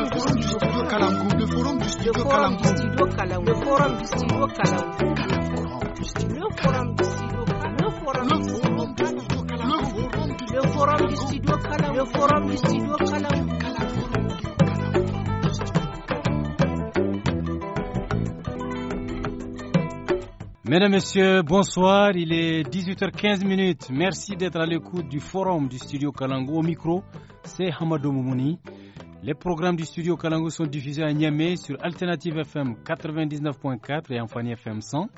forum du studio Kalamkou. Le forum du studio Kalamkou. Le forum du studio Kalamkou. Le forum du studio Kalamkou. Le forum du studio Kalamkou. Le forum du studio Kalamkou. Mesdames, Messieurs, bonsoir. Il est 18h15 minutes. Merci d'être à l'écoute du forum du studio Kalango. Au micro, c'est Hamadou Moumouni. Les programmes du studio Kalango sont diffusés à Niamey sur Alternative FM 99.4 et Fanny FM 100.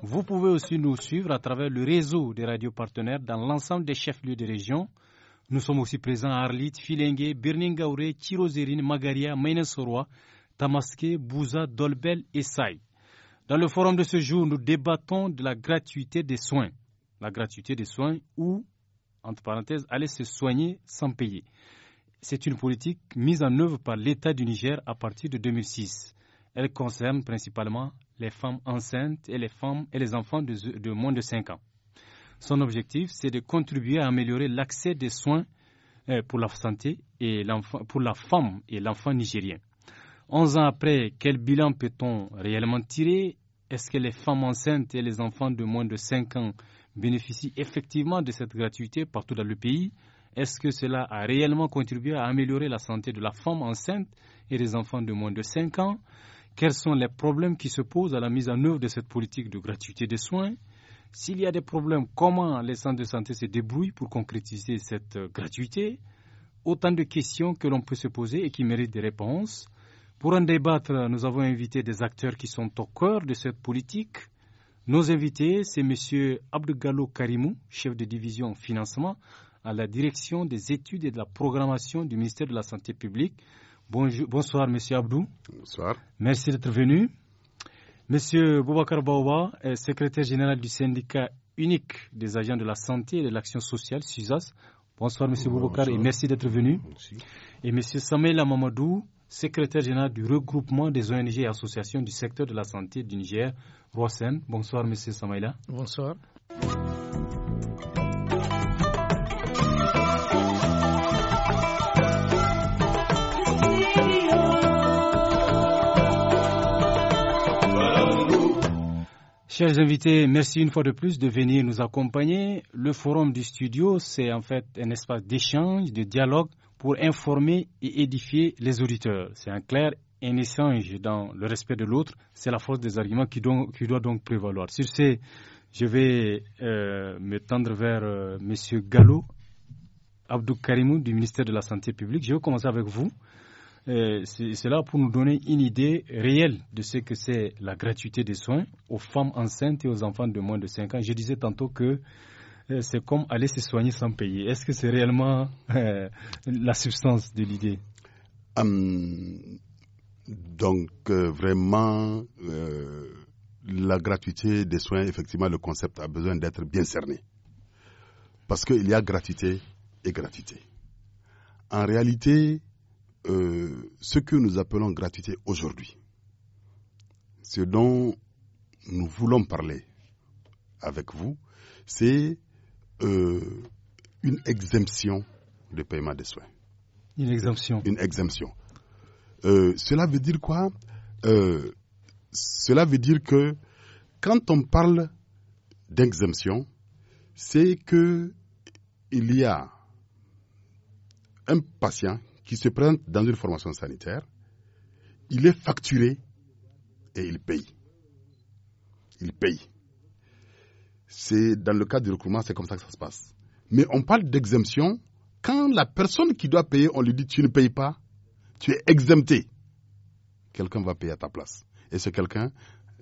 Vous pouvez aussi nous suivre à travers le réseau des radios partenaires dans l'ensemble des chefs-lieux de région. Nous sommes aussi présents à Arlit, Filengue, Birningaure, Tirozérine, Magaria, Mainesoroa, Tamaské, Bouza, Dolbel et Saï. Dans le forum de ce jour, nous débattons de la gratuité des soins. La gratuité des soins ou, entre parenthèses, aller se soigner sans payer c'est une politique mise en œuvre par l'État du Niger à partir de 2006. Elle concerne principalement les femmes enceintes et les femmes et les enfants de, moins de 5 ans. Son objectif, c'est de contribuer à améliorer l'accès des soins euh, pour la santé et pour la femme et l'enfant nigérien. Onze ans après, quel bilan peut-on réellement tirer Est-ce que les femmes enceintes et les enfants de moins de 5 ans bénéficient effectivement de cette gratuité partout dans le pays est-ce que cela a réellement contribué à améliorer la santé de la femme enceinte et des enfants de moins de 5 ans Quels sont les problèmes qui se posent à la mise en œuvre de cette politique de gratuité des soins S'il y a des problèmes, comment les centres de santé se débrouillent pour concrétiser cette gratuité Autant de questions que l'on peut se poser et qui méritent des réponses. Pour en débattre, nous avons invité des acteurs qui sont au cœur de cette politique. Nos invités, c'est M. Abdougalo Karimou, chef de division financement à la direction des études et de la programmation du ministère de la Santé publique. Bonjour, bonsoir, Monsieur Abdou. Bonsoir. Merci d'être venu. Monsieur Boubacar Baouba, secrétaire général du syndicat unique des agents de la santé et de l'action sociale, SUSAS. Bonsoir, Monsieur Boubacar, et merci d'être venu. Et Monsieur Saméla Mamadou, secrétaire général du regroupement des ONG et associations du secteur de la santé du Niger, Bonsoir, Monsieur Samaïla. Bonsoir. Chers invités, merci une fois de plus de venir nous accompagner. Le forum du studio, c'est en fait un espace d'échange, de dialogue pour informer et édifier les auditeurs. C'est un clair un échange dans le respect de l'autre. C'est la force des arguments qui, doit donc prévaloir. Sur ce, je vais euh, me tendre vers euh, M. Gallo Abdou Karimou du ministère de la Santé publique. Je vais commencer avec vous. Euh, c'est là pour nous donner une idée réelle de ce que c'est la gratuité des soins aux femmes enceintes et aux enfants de moins de 5 ans. Je disais tantôt que euh, c'est comme aller se soigner sans payer. Est-ce que c'est réellement euh, la substance de l'idée hum, Donc, vraiment, la gratuité des soins, effectivement, le concept a besoin d'être bien cerné. Parce qu'il y a gratuité et gratuité. En réalité, euh, ce que nous appelons gratuité aujourd'hui, ce dont nous voulons parler avec vous, c'est euh, une exemption de paiement des soins. Une exemption. Une exemption. Euh, cela veut dire quoi Cela veut dire que quand on parle d'exemption, c'est que il y a un patient qui se présente dans une formation sanitaire, il est facturé et il paye. Il paye. C'est dans le cas du recrutement, c'est comme ça que ça se passe. Mais on parle d'exemption quand la personne qui doit payer, on lui dit tu ne payes pas, tu es exempté. Quelqu'un va payer à ta place. Et ce quelqu'un,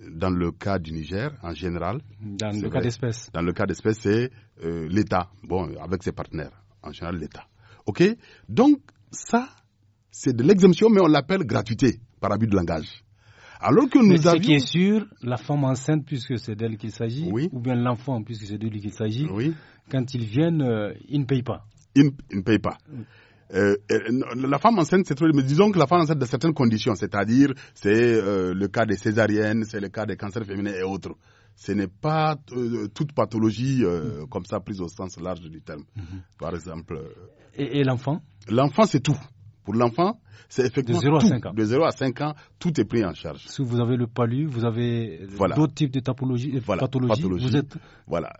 dans le cas du Niger en général. Dans le cas d'espèce. Dans le cas d'espèce, c'est euh, l'État. Bon, avec ses partenaires. En général, l'État. OK Donc, ça, c'est de l'exemption, mais on l'appelle gratuité par abus de langage. Alors que nous avons. c'est sûr, la femme enceinte, puisque c'est d'elle qu'il s'agit, ou bien l'enfant, puisque c'est de lui qu'il s'agit, oui. quand ils viennent, euh, ils ne payent pas. Ils, ne payent pas. Euh, euh, la femme enceinte, c'est trop. Mais disons que la femme enceinte, dans certaines conditions, c'est-à-dire, c'est le cas des césariennes, c'est le cas des cancers féminins et autres. Ce n'est pas toute pathologie mm. comme ça prise au sens large du terme. Mm-hmm. Par exemple. Et, l'enfant L'enfant, c'est tout. Pour l'enfant, c'est effectivement de 0 à 5 ans. De 0 à 5 ans, tout est pris en charge. Si vous avez le palu, vous avez d'autres types de euh, pathologies, vous êtes voilà.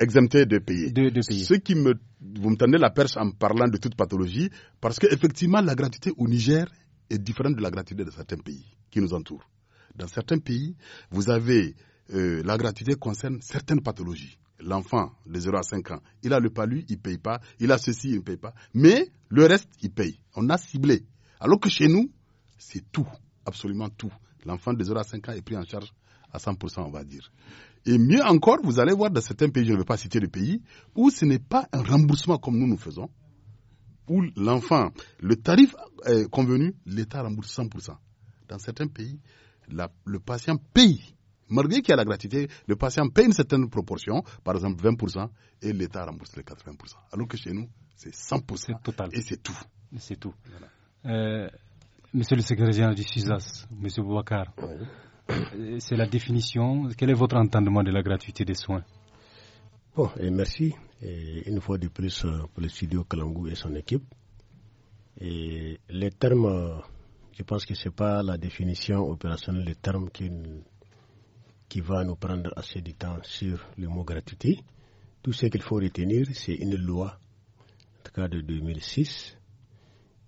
exempté. de payer. qui me, vous me tendez la perche en parlant de toute pathologie, parce qu'effectivement, la gratuité au Niger est différente de la gratuité de certains pays qui nous entourent. Dans certains pays, vous avez euh, la gratuité concerne certaines pathologies l'enfant de 0 à 5 ans, il a le palu, il ne paye pas, il a ceci, il ne paye pas, mais le reste, il paye. On a ciblé. Alors que chez nous, c'est tout, absolument tout. L'enfant de 0 à 5 ans est pris en charge à 100%, on va dire. Et mieux encore, vous allez voir dans certains pays, je ne vais pas citer de pays, où ce n'est pas un remboursement comme nous nous faisons, où l'enfant, le tarif est convenu, l'État rembourse 100%. Dans certains pays, le patient paye Malgré qu'il y a la gratuité, le patient paye une certaine proportion, par exemple 20%, et l'État rembourse les 80%. Alors que chez nous, c'est 100%. Total. Et c'est tout. tout. Euh, monsieur le secrétaire général du SUSAS, Monsieur Boubacar, c'est la définition. Quel est votre entendement de la gratuité des soins Bon, et merci. une fois de plus euh, pour le studio Kalangou et son équipe. Et les termes, euh, je pense que ce n'est pas la définition opérationnelle les termes qui qui va nous prendre assez de temps sur le mot gratuité. Tout ce qu'il faut retenir, c'est une loi, en tout cas de 2006,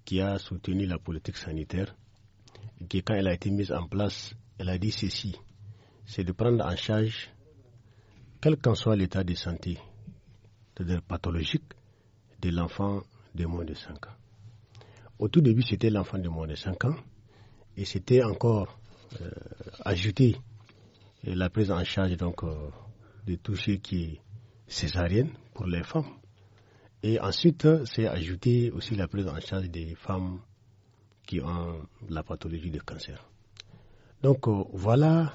qui a soutenu la politique sanitaire et qui, quand elle a été mise en place, elle a dit ceci c'est de prendre en charge, quel qu'en soit l'état de santé, c'est-à-dire pathologique, de l'enfant de moins de 5 ans. Au tout début, c'était l'enfant de moins de 5 ans, et c'était encore euh, ajouté la prise en charge donc euh, de tout ce qui est césarienne pour les femmes. Et ensuite, c'est ajouté aussi la prise en charge des femmes qui ont la pathologie de cancer. Donc euh, voilà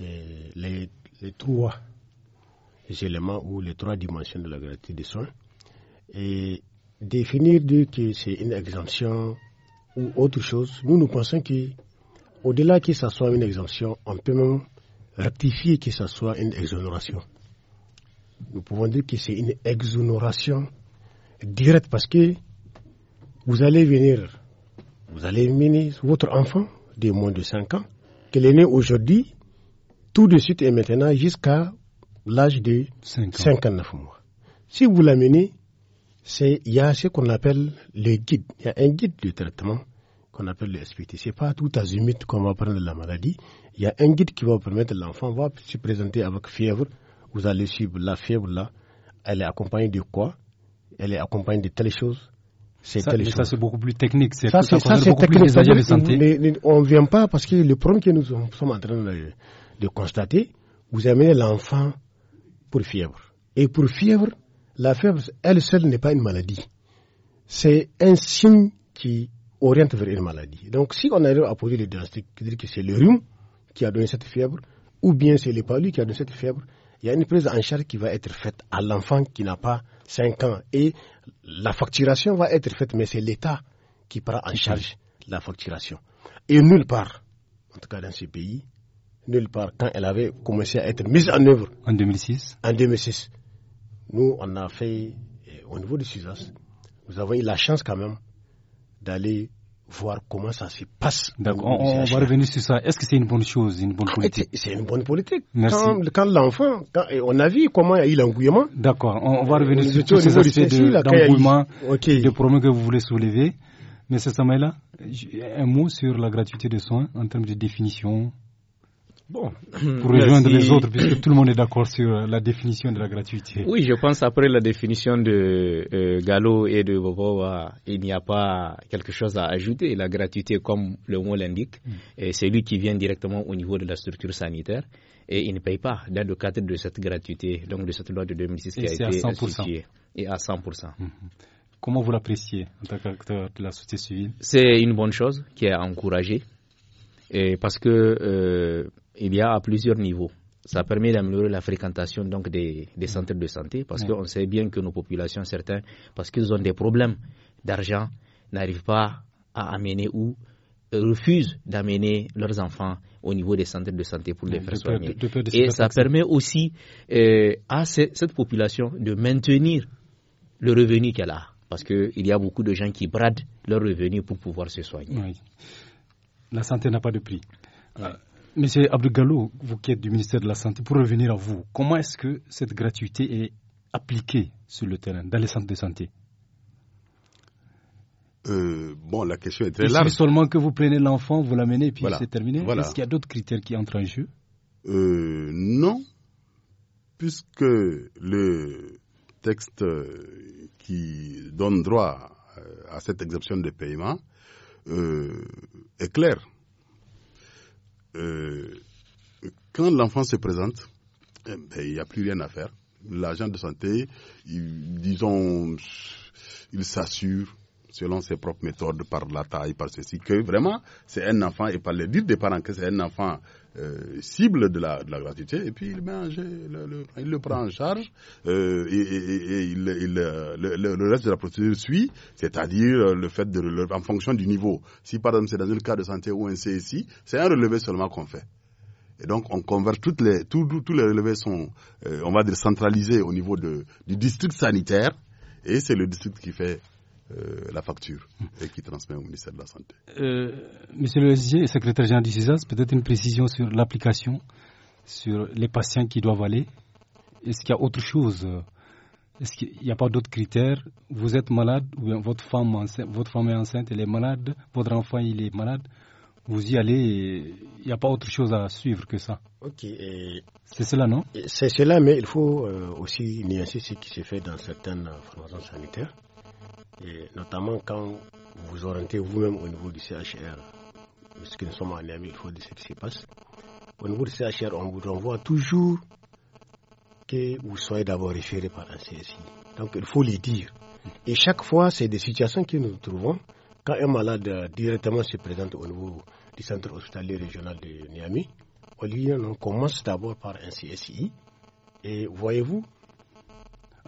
euh, les, trois éléments ou les trois dimensions de la gratuité des soins. Et définir que c'est une exemption ou autre chose, nous nous pensons que au-delà que ce soit une exemption, on peut même rectifier que ce soit une exonération. Nous pouvons dire que c'est une exonération directe parce que vous allez venir, vous allez mener votre enfant de moins de 5 ans, qu'elle est née aujourd'hui, tout de suite et maintenant jusqu'à l'âge de 59 mois. Si vous l'amenez, c'est, il y a ce qu'on appelle le guide. Il y a un guide de traitement qu'on appelle le SPT. C'est pas tout azimut qu'on va prendre la maladie. Il y a un guide qui va vous permettre, l'enfant va se présenter avec fièvre, vous allez suivre la fièvre là, elle est accompagnée de quoi Elle est accompagnée de telle chose. C'est ça, ça c'est beaucoup plus technique. C'est ça, c'est technique. Plus les de santé. on ne vient pas parce que le problème que nous sommes en train de, constater, vous amenez l'enfant pour fièvre. Et pour fièvre, la fièvre, elle seule n'est pas une maladie. C'est un signe qui oriente vers une maladie. Donc si on arrive à poser le diagnostic, cest dire que c'est le rhume, qui a donné cette fièvre, ou bien c'est les qui a donné cette fièvre, il y a une prise en charge qui va être faite à l'enfant qui n'a pas 5 ans. Et la facturation va être faite, mais c'est l'État qui prend en charge la facturation. Et nulle part, en tout cas dans ce pays, nulle part, quand elle avait commencé à être mise en œuvre. En 2006 En 2006. Nous, on a fait, au niveau de SUSAS, nous avons eu la chance quand même d'aller voir comment ça se passe. D'accord, on, va revenir sur ça. Est-ce que c'est une bonne chose, une bonne ah, politique C'est une bonne politique. Merci. Quand, l'enfant, on a vu comment il y a eu l'engouement. D'accord, on, va euh, revenir sur tous ces aspects d'engouement, de, que vous voulez soulever. M. Samela un mot sur la gratuité des soins en termes de définition Bon. Pour rejoindre les autres, puisque tout le monde est d'accord sur euh, la définition de la gratuité. Oui, je pense après la définition de euh, Gallo et de Bobo, il n'y a pas quelque chose à ajouter. La gratuité, comme le mot l'indique, mm. c'est lui qui vient directement au niveau de la structure sanitaire et il ne paye pas dans le cadre de cette gratuité, donc de cette loi de 2006 qui a été à 100%. et à 100%. Mm-hmm. Comment vous l'appréciez en tant qu'acteur de la société civile C'est une bonne chose qui est encouragée. Et parce que euh, il y a à plusieurs niveaux. Ça permet d'améliorer la fréquentation donc des, centres de santé parce qu'on sait bien que nos populations, certains, parce qu'ils ont des problèmes d'argent, n'arrivent pas à amener ou refusent d'amener leurs enfants au niveau des centres de santé pour les faire soigner. Et ça permet aussi euh, à cette population de maintenir le revenu qu'elle a parce qu'il y a beaucoup de gens qui bradent leur revenu pour pouvoir se soigner. La santé n'a pas de prix. Ah, Monsieur Abdougalou, vous qui êtes du ministère de la Santé, pour revenir à vous, comment est-ce que cette gratuité est appliquée sur le terrain, dans les centres de santé euh, bon, la question est très large. C'est seulement que vous prenez l'enfant, vous l'amenez et puis c'est terminé. Est-ce qu'il y a d'autres critères qui entrent en jeu euh, Non, puisque le texte euh, qui donne droit euh, à cette exemption de paiement est clair. Euh, quand l'enfant se présente, eh ben, il n'y a plus rien à faire. L'agent de santé, il, disons, il s'assure selon ses propres méthodes, par la taille, par ceci, que vraiment, c'est un enfant, et par le dire des parents que c'est un enfant euh, cible de la, gratuité et puis il, le, il le prend en charge euh, et, euh, le, reste de la procédure suit, c'est-à-dire le fait de en fonction du niveau. Si par exemple c'est dans un cas de santé ou un CSI, c'est un relevé seulement qu'on fait. Et donc, on converge toutes les, tous les relevés sont, on va dire, centralisés au niveau de, du district sanitaire. Et c'est le district qui fait euh, la facture et qui transmet au ministère de la Santé. Euh, monsieur le secrétaire général du CISAS, peut-être une précision sur l'application, sur les patients qui doivent aller. Est-ce qu'il y a autre chose euh, Est-ce qu'il n'y a pas d'autres critères Vous êtes malade ou votre femme, enceinte, votre femme est enceinte, elle est malade, votre enfant il est malade vous y allez, il n'y a pas autre chose à suivre que ça. Ok. C'est cela, non C'est cela, mais il faut aussi nuancer ce qui se fait dans certaines formations sanitaires et notamment quand vous orientez vous-même au niveau du CHR, parce nous sommes en il faut dire ce qui se passe. Au niveau du CHR, on vous renvoie toujours que vous soyez d'abord référé par un CSI. Donc il faut le dire. Et chaque fois, c'est des situations que nous trouvons quand un malade euh, directement se présente au niveau du centre hospitalier régional de Niamey. on commence d'abord par un CSI. Et voyez-vous,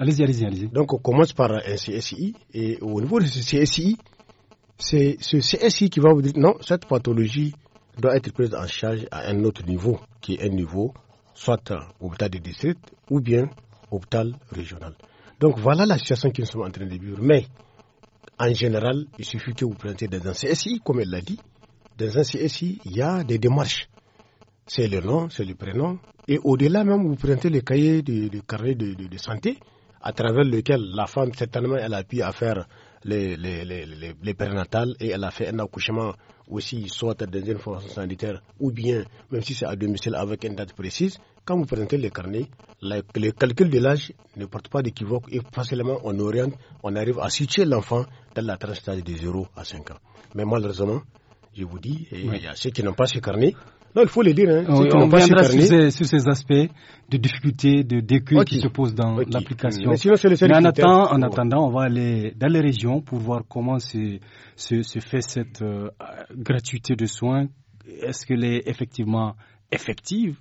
Allez-y, allez-y, allez-y. Donc, on commence par un CSI. Et au niveau de ce CSI, c'est ce CSI qui va vous dire non, cette pathologie doit être prise en charge à un autre niveau, qui est un niveau soit hôpital de district ou bien hôpital régional. Donc voilà la situation qu'ils nous en train de vivre. Mais en général, il suffit que vous présentez dans un CSI, comme elle l'a dit. Dans un CSI, il y a des démarches. C'est le nom, c'est le prénom. Et au-delà même, vous présentez le cahier de, de carré de santé à travers lequel la femme, certainement, elle a pu faire les, les, les, les, et elle a fait un accouchement aussi, soit dans une formation sanitaire ou bien, même si c'est à domicile avec une date précise, quand vous présentez le carnet, le, calcul de l'âge ne porte pas d'équivoque et facilement on oriente, on arrive à situer l'enfant dans la tranche de 0 à 5 ans. Mais malheureusement, je vous dis, il y a ceux qui n'ont pas ce carnet il faut le dire. Hein, on va sur ces, sur ces aspects de difficultés, de d'écueils qui se posent dans l'application. Mais, en, attendant, on va aller dans les régions pour voir comment se, fait cette euh, gratuité de soins. Est-ce qu'elle est effectivement effective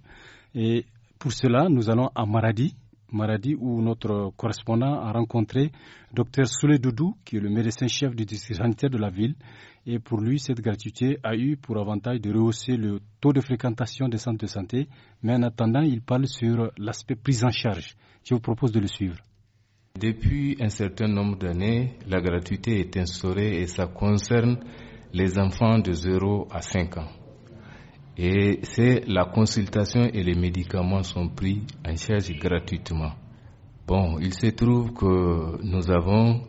Et pour cela, nous allons à Maradi. Maradi où notre correspondant a rencontré docteur Soule Doudou, qui est le médecin-chef du district sanitaire de la ville. Et pour lui, cette gratuité a eu pour avantage de rehausser le taux de fréquentation des centres de santé. Mais en attendant, il parle sur l'aspect prise en charge. Je vous propose de le suivre. Depuis un certain nombre d'années, la gratuité est instaurée et ça concerne les enfants de 0 à 5 ans. Et c'est la consultation et les médicaments sont pris en charge gratuitement. Bon, il se trouve que nous avons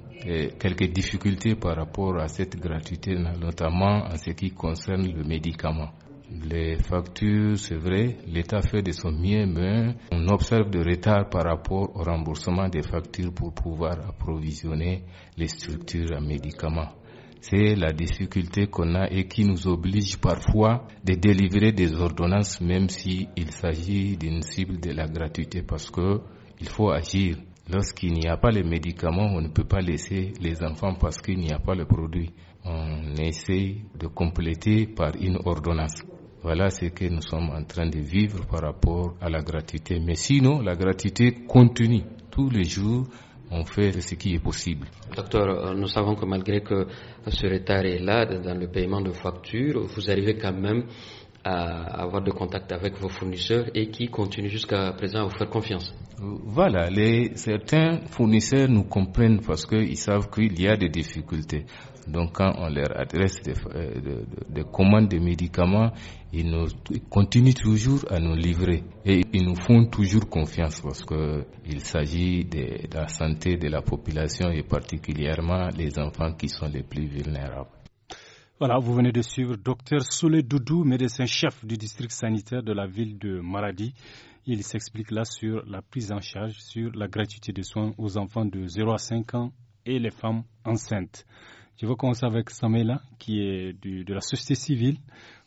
quelques difficultés par rapport à cette gratuité, notamment en ce qui concerne le médicament. Les factures, c'est vrai, l'État fait de son mieux, mais on observe de retard par rapport au remboursement des factures pour pouvoir approvisionner les structures en médicaments. C'est la difficulté qu'on a et qui nous oblige parfois de délivrer des ordonnances même s'il s'agit d'une cible de la gratuité parce que il faut agir. Lorsqu'il n'y a pas les médicaments, on ne peut pas laisser les enfants parce qu'il n'y a pas le produit. On essaie de compléter par une ordonnance. Voilà ce que nous sommes en train de vivre par rapport à la gratuité. Mais sinon, la gratuité continue. Tous les jours, on fait ce qui est possible. Docteur, euh, nous savons que malgré que ce retard est là dans le paiement de factures, vous arrivez quand même à avoir de contact avec vos fournisseurs et qui continuent jusqu'à présent à vous faire confiance Voilà, les, certains fournisseurs nous comprennent parce qu'ils savent qu'il y a des difficultés. Donc quand on leur adresse des, euh, des, commandes de médicaments, ils, nous, continuent toujours à nous livrer et ils nous font toujours confiance parce il s'agit de, de la santé de la population et particulièrement les enfants qui sont les plus vulnérables. Voilà, vous venez de suivre Dr Soule Doudou, médecin-chef du district sanitaire de la ville de Maradi. Il s'explique là sur la prise en charge, sur la gratuité des soins aux enfants de 0 à 5 ans et les femmes enceintes. Je vais commencer avec Samela, qui est de la société civile.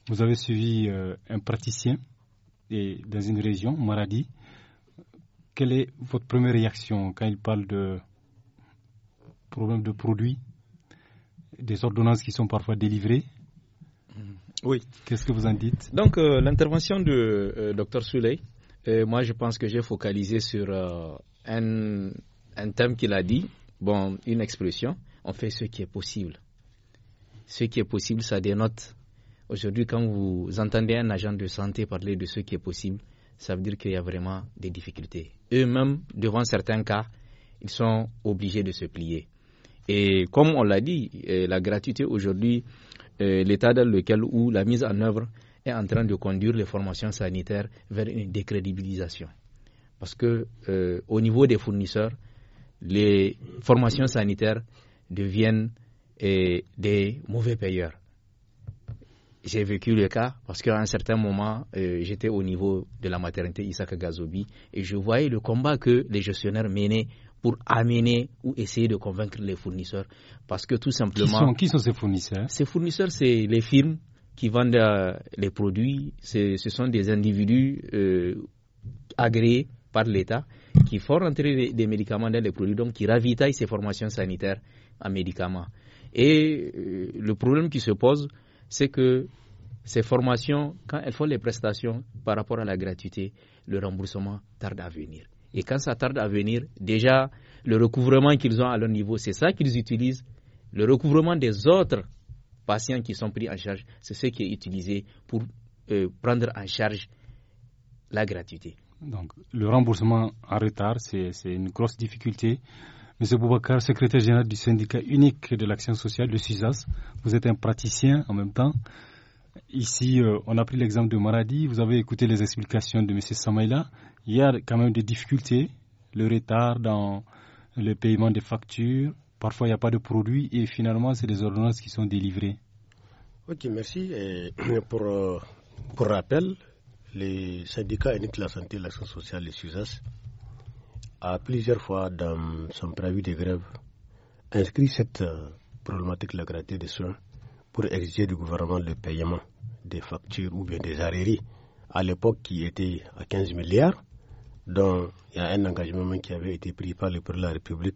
Vous avez suivi euh, un praticien dans une région, Maradi. Quelle est votre première réaction quand il parle de problème de produits des ordonnances qui sont parfois délivrées. Mm. Oui. Qu'est-ce que vous en dites Donc, euh, l'intervention de euh, Dr Souley, euh, moi je pense que j'ai focalisé sur un, un thème qu'il a dit, bon, une expression, on fait ce qui est possible. Ce qui est possible, ça dénote. Aujourd'hui, quand vous entendez un agent de santé parler de ce qui est possible, ça veut dire qu'il y a vraiment des difficultés. Eux-mêmes, devant certains cas, ils sont obligés de se plier. Et comme on l'a dit, euh, la gratuité aujourd'hui, euh, l'état dans lequel où la mise en œuvre est en train de conduire les formations sanitaires vers une décrédibilisation. Parce que euh, au niveau des fournisseurs, les formations sanitaires deviennent des mauvais payeurs. J'ai vécu le cas parce qu'à un certain moment, j'étais au niveau de la maternité Isaac Gazobi et je voyais le combat que les gestionnaires menaient pour amener ou essayer de convaincre les fournisseurs. Parce que tout simplement. Qui sont, qui sont ces fournisseurs Ces fournisseurs, c'est les firmes qui vendent euh, les produits. Ce sont des individus euh, agréés par l'État qui font rentrer des médicaments dans les produits, donc qui ravitaillent ces formations sanitaires en médicaments. Et euh, le problème qui se pose, c'est que ces formations, quand elles font les prestations par rapport à la gratuité, le remboursement tarde à venir. Et quand ça tarde à venir, déjà, le recouvrement qu'ils ont à leur niveau, c'est ça qu'ils utilisent. Le recouvrement des autres patients qui sont pris en charge, c'est ce qui est utilisé pour euh, prendre en charge la gratuité. Donc, le remboursement en retard, c'est une grosse difficulté. Monsieur Boubacar, secrétaire général du syndicat unique de l'action sociale, de SUSAS, vous êtes un praticien en même temps. Ici, euh, on a pris l'exemple de Maradi. Vous avez écouté les explications de M. Samaïla il y a quand même des difficultés, le retard dans le paiement des factures, parfois il n'y a pas de produit et finalement c'est des ordonnances qui sont délivrées. Ok, merci. Euh, pour, rappel, les syndicats unique de la santé, l'action sociale, les SUSAS, a plusieurs fois dans son préavis de grève inscrit cette euh, problématique de la gratuité des soins pour exiger du gouvernement le paiement des factures ou bien des arrêts à l'époque qui était à 15 milliards donc, il y a un engagement qui avait été pris par le président de la République.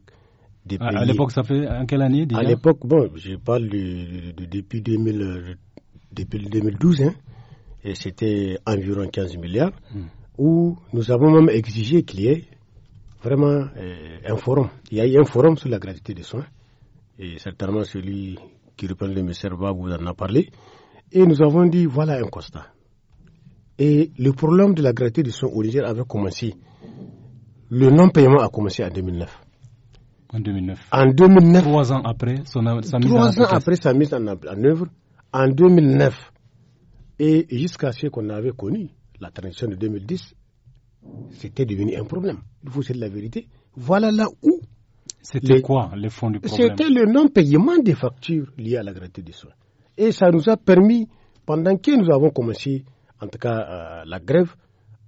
depuis à, l'époque, ça fait en quelle année À l'époque, bon, je parle depuis, 2012, hein, et c'était environ 15 milliards, hmm. où nous avons même exigé qu'il y ait vraiment euh, un forum. Il y a eu un forum sur la gravité des soins, et certainement celui qui reprend le ministère vous en a parlé, et nous avons dit voilà un constat. Et le problème de la gratuité de soins au avait commencé. Le non-paiement a commencé en 2009. En 2009. En 2009. Trois ans après son, sa mise trois en ans après sa mise en, en œuvre. En 2009. Et jusqu'à ce qu'on avait connu, la transition de 2010, c'était devenu un problème. Il faut c'est la vérité. Voilà là où. C'était quoi le fonds du problème C'était le non-paiement des factures liées à la gratuité des soins. Et ça nous a permis, pendant que nous avons commencé en tout cas euh, la grève,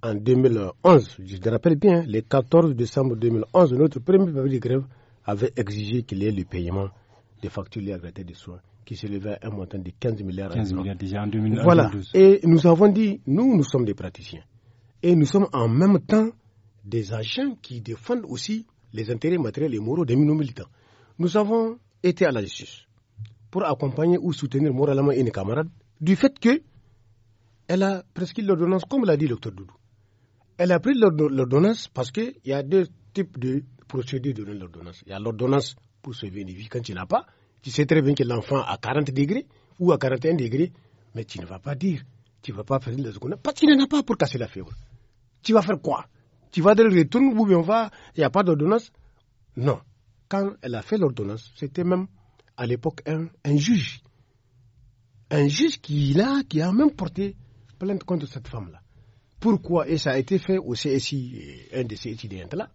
en 2011, je te rappelle bien, hein, le 14 décembre 2011, notre premier papier de grève avait exigé qu'il y ait le paiement des factures liées à la de soins qui s'élevait à un montant de 15 milliards. 15 milliards déjà en Voilà. Et nous avons dit, nous, nous sommes des praticiens. Et nous sommes en même temps des agents qui défendent aussi les intérêts matériels et moraux de nos militants. Nous avons été à la justice pour accompagner ou soutenir moralement une camarade du fait que elle a prescrit l'ordonnance, comme l'a dit le docteur Doudou. Elle a pris l'ordonnance parce qu'il y a deux types de procédures de l'ordonnance. Il y a l'ordonnance pour sauver une vie quand tu n'as pas. Tu sais très bien que l'enfant a 40 degrés ou à 41 degrés, mais tu ne vas pas dire, tu ne vas pas faire la seconde, parce qu'il n'en a pas pour casser la fièvre. Tu vas faire quoi Tu vas dire retourne ou on va, il n'y a pas d'ordonnance Non. Quand elle a fait l'ordonnance, c'était même à l'époque un, juge. Un juge qui, là, qui a même porté plainte contre cette femme-là. Pourquoi Et ça a été fait au CSI, euh, un de ces étudiants là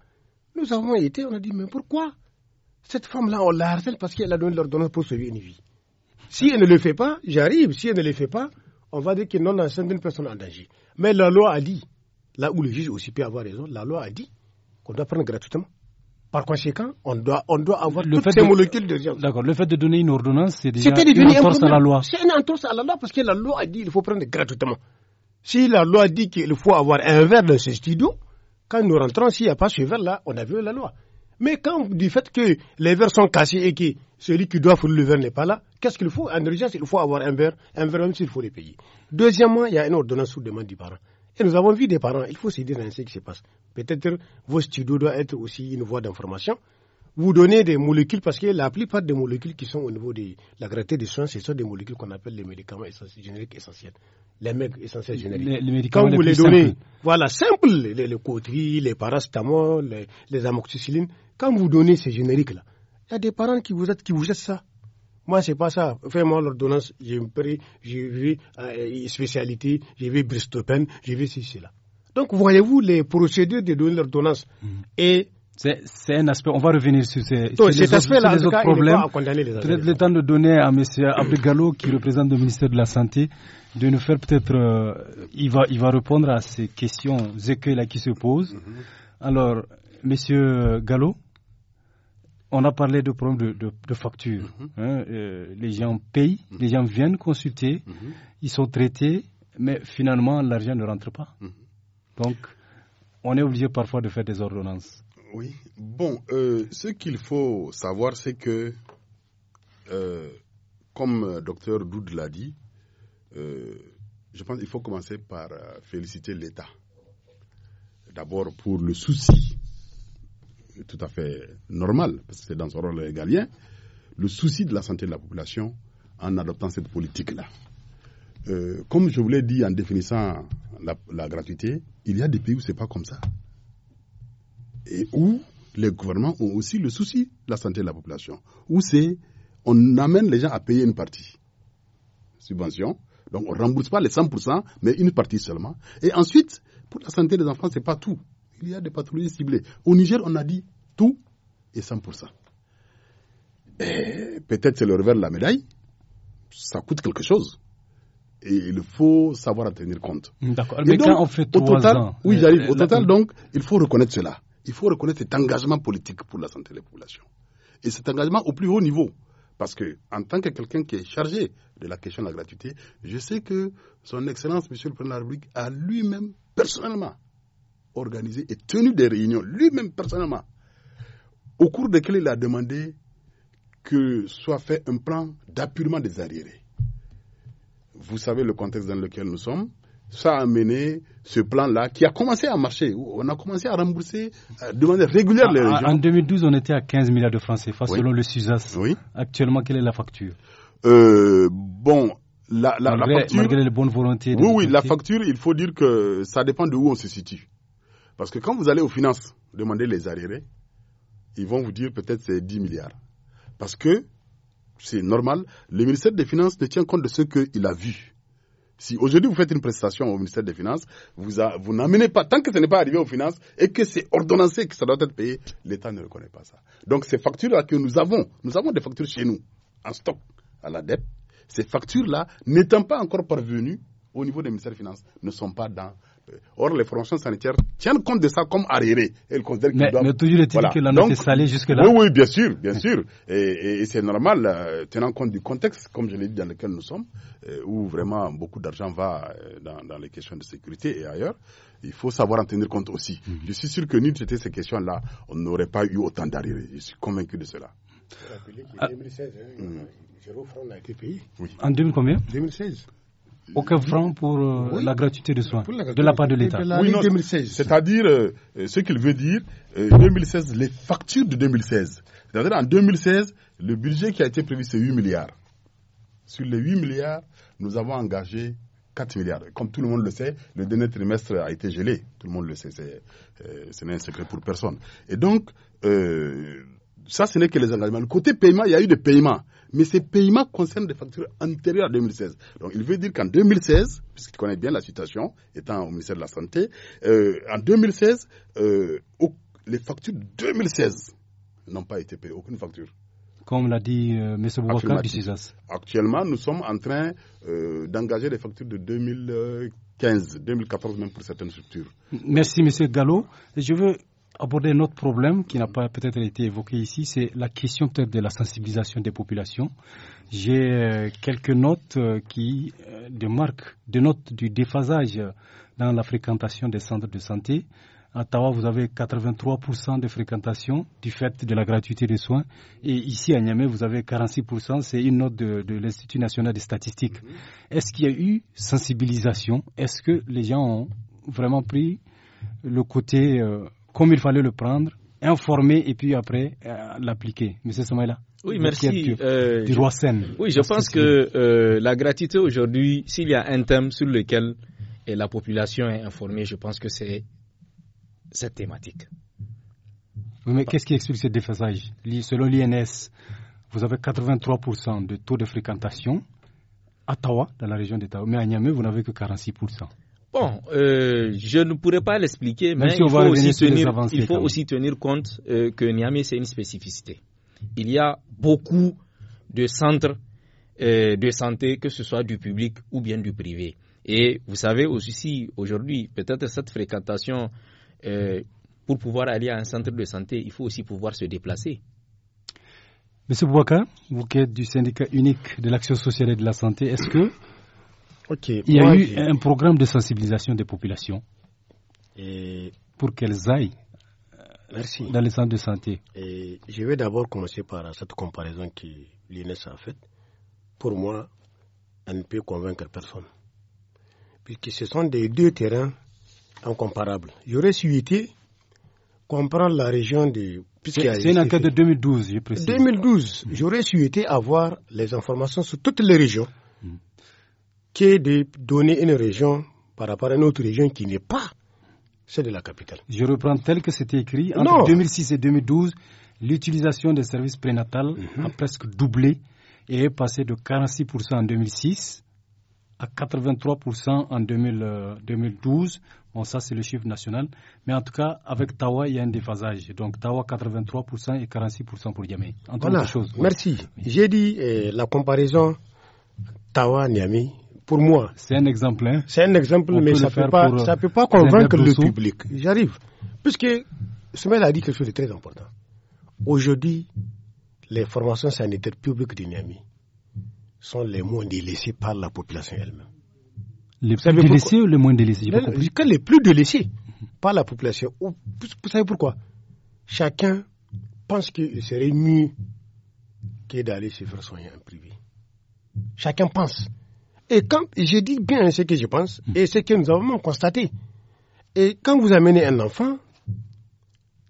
Nous avons été, on a dit, mais pourquoi Cette femme-là, on la harcèle parce qu'elle a donné l'ordonnance pour sauver une vie. Si elle ne le fait pas, j'arrive. Si elle ne le fait pas, on va dire que non enceinte d'une personne en danger. Mais la loi a dit, là où le juge aussi peut avoir raison, la loi a dit qu'on doit prendre gratuitement. Par conséquent, on doit, on doit avoir le toutes ces de, molécules d'urgence. D'accord. Le fait de donner une ordonnance, c'est déjà une entorse à la loi. C'est une entorse à la loi parce que la loi a dit qu'il faut prendre gratuitement. Si la loi dit qu'il faut avoir un verre dans ce studio, quand nous rentrons, s'il n'y a pas ce verre-là, on a vu la loi. Mais quand du fait que les verres sont cassés et que celui qui doit fournir le verre n'est pas là, qu'est-ce qu'il faut En urgence, il faut avoir un verre, un verre même s'il faut les payer. Deuxièmement, il y a une ordonnance sous demande du parent. Et nous avons vu des parents, il faut se dire ainsi qui se passe. Peut-être vos studios doivent être aussi une voie d'information. Vous donnez des molécules parce que la plupart des molécules qui sont au niveau de la gravité des soins, ce sont des molécules qu'on appelle les médicaments essentiels, génériques essentiels. Les médicaments essentiels génériques. Quand vous les, donnez, voilà, simple, les, les les parastamol, les, quand vous donnez ces génériques-là, il y a des parents qui vous jettent ça moi, c'est pas ça. Fais-moi l'ordonnance, j'ai pris, j'ai vu euh, spécialité, j'ai vu bristopène, j'ai vu ceci, cela. Donc, voyez-vous les procédures de donner l'ordonnance. Hmm. Et c'est un aspect, on va revenir sur, ces, autres problèmes. Peut-être le temps de donner à M. Gallo qui représente le ministère de la Santé, de nous faire peut-être. Euh, il, va, il va répondre à ces questions, écueils-là qui se posent. Mhm. Alors, M. Gallo, on a parlé de problèmes de, facture. Mm-hmm. Hein, euh, les gens payent, mm-hmm. les gens viennent consulter, mm-hmm. ils sont traités, mais finalement, l'argent ne rentre pas. Donc, on est obligé parfois de faire des ordonnances. Oui. Bon, euh, ce qu'il faut savoir, c'est que, euh, comme docteur Doud l'a dit, je pense qu'il faut commencer par féliciter l'État. D'abord pour le souci tout à fait normal, parce que c'est dans son rôle égalien, le souci de la santé de la population en adoptant cette politique-là. Euh, comme je vous l'ai dit en définissant la, la, gratuité, il y a des pays où ce n'est pas comme ça. Et où les gouvernements ont aussi le souci de la santé de la population. Où c'est, on amène les gens à payer une partie subvention. Donc on ne rembourse pas les 100%, mais une partie seulement. Et ensuite, pour la santé des enfants, ce n'est pas tout il y a des patrouilles ciblés. Au Niger, on a dit tout et 100%. Peut-être c'est le revers de la médaille. Ça coûte quelque chose. Et il faut savoir en tenir compte. D'accord. Mais quand on fait au total, oui, euh, j'arrive. Au total, donc, il faut reconnaître cela. Il faut reconnaître cet engagement politique pour la santé des populations. Et cet engagement au plus haut niveau. Parce que, en tant que quelqu'un qui est chargé de la question de la gratuité, je sais que Son Excellence, Monsieur le Président de a lui-même, personnellement, organisé et tenu des réunions, lui-même personnellement, au cours desquelles il a demandé que soit fait un plan d'appurement des arriérés. Vous savez le contexte dans lequel nous sommes. Ça a amené ce plan-là qui a commencé à marcher. On a commencé à rembourser euh, de manière régulière les régions. En 2012, on était à 15 milliards de francs CFA selon le SUSAS. Oui. Actuellement, quelle est la facture euh, Bon, la, malgré, la facture, malgré les bonnes volontés. Oui, oui, la facture, il faut dire que ça dépend de où on se situe. Parce que quand vous allez aux finances demander les arriérés, ils vont vous dire peut-être c'est 10 milliards. Parce que c'est normal, le ministère des Finances ne tient compte de ce qu'il a vu. Si aujourd'hui vous faites une prestation au ministère des Finances, vous, vous n'amenez pas, tant que ce n'est pas arrivé aux finances et que c'est ordonnancé que ça doit être payé, l'État ne reconnaît pas ça. Donc ces factures-là que nous avons, nous avons des factures chez nous, en stock, à la dette, ces factures-là, n'étant pas encore parvenues au niveau des ministères des Finances, ne sont pas dans euh, or, les formations sanitaires tiennent compte de ça comme arriéré. Elles considèrent mais, doivent... mais toujours est-il voilà. que la note salée jusque-là Oui, oui, bien sûr, bien sûr. Et, c'est normal, euh, tenant compte du contexte, comme je l'ai dit, dans lequel nous sommes, euh, où vraiment beaucoup d'argent va dans, les questions de sécurité et ailleurs. Il faut savoir en tenir compte aussi. Mhm. Je suis sûr que nul c'était ces questions-là, on n'aurait pas eu autant d'arriérés. Je suis convaincu de cela. En 2016, ah. hein, 2016, -hmm. Front a été payé. En 2000 combien 2016 aucun franc pour euh, la gratuité de soins de la part de l'État. Oui, c'est-à-dire, euh, ce qu'il veut dire, 2016, euh, les factures de 2016. C'est-à-dire, en 2016, le budget qui a été prévu, c'est 8 milliards. Sur les 8 milliards, nous avons engagé 4 milliards. Comme tout le monde le sait, le dernier trimestre a été gelé. Tout le monde le sait. ce n'est un secret pour personne. Et donc, ça, ce n'est que les engagements. Le côté paiement, il y a eu des paiements mais ces paiements concernent des factures antérieures à 2016. Donc il veut dire qu'en 2016, puisqu'il connaît bien la situation, étant au ministère de la Santé, euh, en 2016, euh, les factures 2016 n'ont pas été payées, aucune facture comme l'a dit euh, M. Boubacar du CISAS. Actuellement, nous sommes en train d'engager des factures de 2015, 2014 même pour certaines structures. Merci M. Gallo. Je veux aborder un autre problème qui n'a pas peut-être été évoqué ici, c'est la question peut-être de la sensibilisation des populations. J'ai euh, quelques notes euh, qui euh, démarquent, des notes du déphasage dans la fréquentation des centres de santé. À Tawa, vous avez 83% de fréquentation du fait de la gratuité des soins. Et ici, à Niamey, vous avez 46%. C'est une note de, de l'Institut national des statistiques. Est-ce qu'il y a eu sensibilisation Est-ce que les gens ont vraiment pris le côté comme il fallait le prendre, informer et puis après euh, l'appliquer. Monsieur Samaïla. Oui, merci. Euh, du, roi Oui, je pense que euh, la gratitude aujourd'hui, s'il y a un thème sur lequel la population est informée, je pense que c'est cette thématique. mais qu'est-ce qui explique ce défaisage Selon l'INS, vous avez 83% de taux de fréquentation à Tawa, dans la région de mais à Niamey, vous n'avez que 46%. Bon, euh, je ne pourrais pas l'expliquer, mais il, faut aussi tenir, compte euh, que Niamey, c'est une spécificité. Il y a beaucoup de centres euh, de santé, que ce soit du public ou bien du privé. Et vous savez aussi, aujourd'hui, peut-être cette fréquentation, pour pouvoir aller à un centre de santé, il faut aussi pouvoir se déplacer. Monsieur Bouaka, vous qui êtes du syndicat unique de l'action sociale et de la santé, est-ce que il y a eu un programme de sensibilisation des populations pour qu'elles aillent euh, dans les centres de santé. Et je vais d'abord commencer par cette comparaison que l'INES a faite. Pour moi, elle ne peut convaincre personne. Puisque ce sont des deux terrains incomparables. J'aurais souhaité comprendre la région de. C'est une enquête de 2012, je précise. 2012, j'aurais souhaité avoir les informations sur toutes les régions. Hmm que de donner une région par rapport à une autre région qui n'est pas celle de la capitale. Je reprends tel que c'était écrit. Entre 2006 et 2012, l'utilisation des services prénatales mhm. a presque doublé et est passée de 46% en 2006 à 83% en 2012. Euh, bon, ça, c'est le chiffre national. Mais en tout cas, avec Tawa, il y a un déphasage. Donc, Tawa, 83% et 46% pour Yamé. voilà. Merci. J'ai dit euh, la comparaison tawa Niami pour moi. C'est un exemple. Hein. C'est un exemple, mais ça ne peut, pas, euh, convaincre le public. J'arrive. Puisque Soumel a dit quelque chose de très important. Aujourd'hui, les formations sanitaires publiques de Miami sont les moins délaissées par la population elle-même. Les plus délaissés ou les moins délaissés les plus délaissées par la population. Vous, savez pourquoi Chacun pense qu'il serait mieux que d'aller se faire soigner en privé. Chacun pense. Et quand, je dis bien ce que je pense mm. et ce que nous avons constaté. Et quand vous amenez un enfant,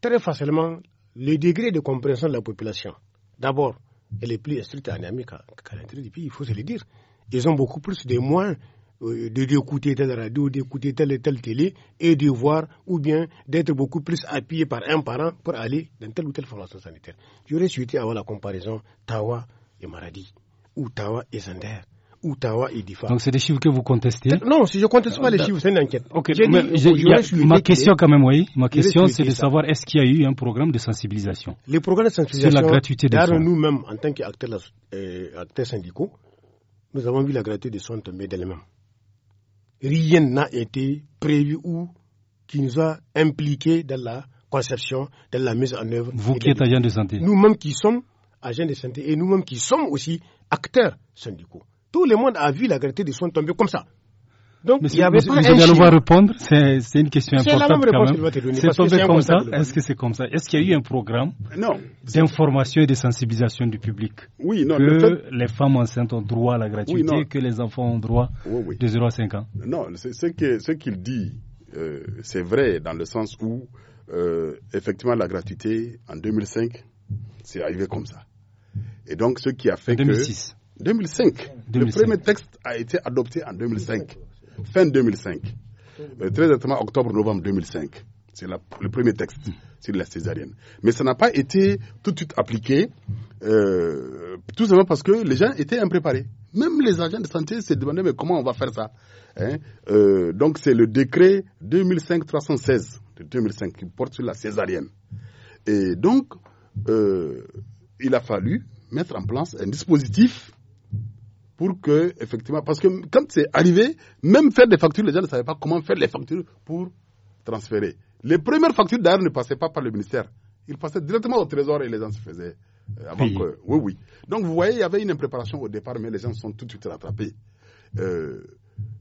très facilement, le degré de compréhension de la population, d'abord, elle est plus stricte à Amérique, qu'à l'intérieur du pays, il faut se le dire. Ils ont beaucoup plus de moyens euh, d'écouter telle radio, d'écouter telle et telle télé et de voir ou bien d'être beaucoup plus appuyé par un parent pour aller dans telle ou telle formation sanitaire. J'aurais souhaité avoir la comparaison Tawa et Maradi ou Tawa et Zander. Donc c'est des chiffres que vous contestez Non, si je ne conteste pas les chiffres, c'est une enquête. ma question quand même, oui. Ma question, c'est de savoir est-ce qu'il y a eu un programme de sensibilisation Les programmes de sensibilisation, C'est la gratuité des soins. nous-mêmes, en tant qu'acteurs euh, syndicaux, nous avons vu la gratuité des soins tomber d'elle-même. Rien n'a été prévu ou qui nous a impliqués dans la conception, dans la mise en œuvre. Vous qui êtes agent de santé Nous-mêmes qui sommes agents de santé et nous-mêmes qui sommes aussi acteurs syndicaux. Tout le monde a vu la gratuité de soins tomber comme ça. Donc, il y avait pas un voir répondre, c'est une question importante. quand même. C'est comme ça Est-ce que c'est comme ça Est-ce qu'il y a eu un programme d'information et de sensibilisation du public Oui, non. Que les femmes enceintes ont droit à la gratuité, et que les enfants ont droit de 0 à 5 ans Non, ce qu'il dit, euh, c'est vrai dans le sens où, euh, effectivement, la gratuité, en 2005, c'est arrivé comme ça. Et donc, ce qui a fait que... 2006. 2005. Le premier texte a été adopté en 2005, fin 2005. Euh, très exactement octobre-novembre 2005. C'est le premier texte sur la césarienne. Mais ça n'a pas été tout de suite appliqué, euh, tout simplement parce que les gens étaient impréparés. Même les agents de santé se demandaient mais comment on va faire ça hein? euh, Donc c'est le décret 2005-316 de 2005 qui porte sur la césarienne. Et donc, il a fallu mettre en place un dispositif pour que, effectivement, parce que quand c'est arrivé, même faire des factures, les gens ne savaient pas comment faire les factures pour transférer. Les premières factures, d'ailleurs, ne passaient pas par le ministère. Ils passaient directement au trésor et les gens se faisaient. Euh, avant Que, oui, oui. Donc, vous voyez, il y avait une impréparation au départ, mais les gens sont tout de suite rattrapés. Euh,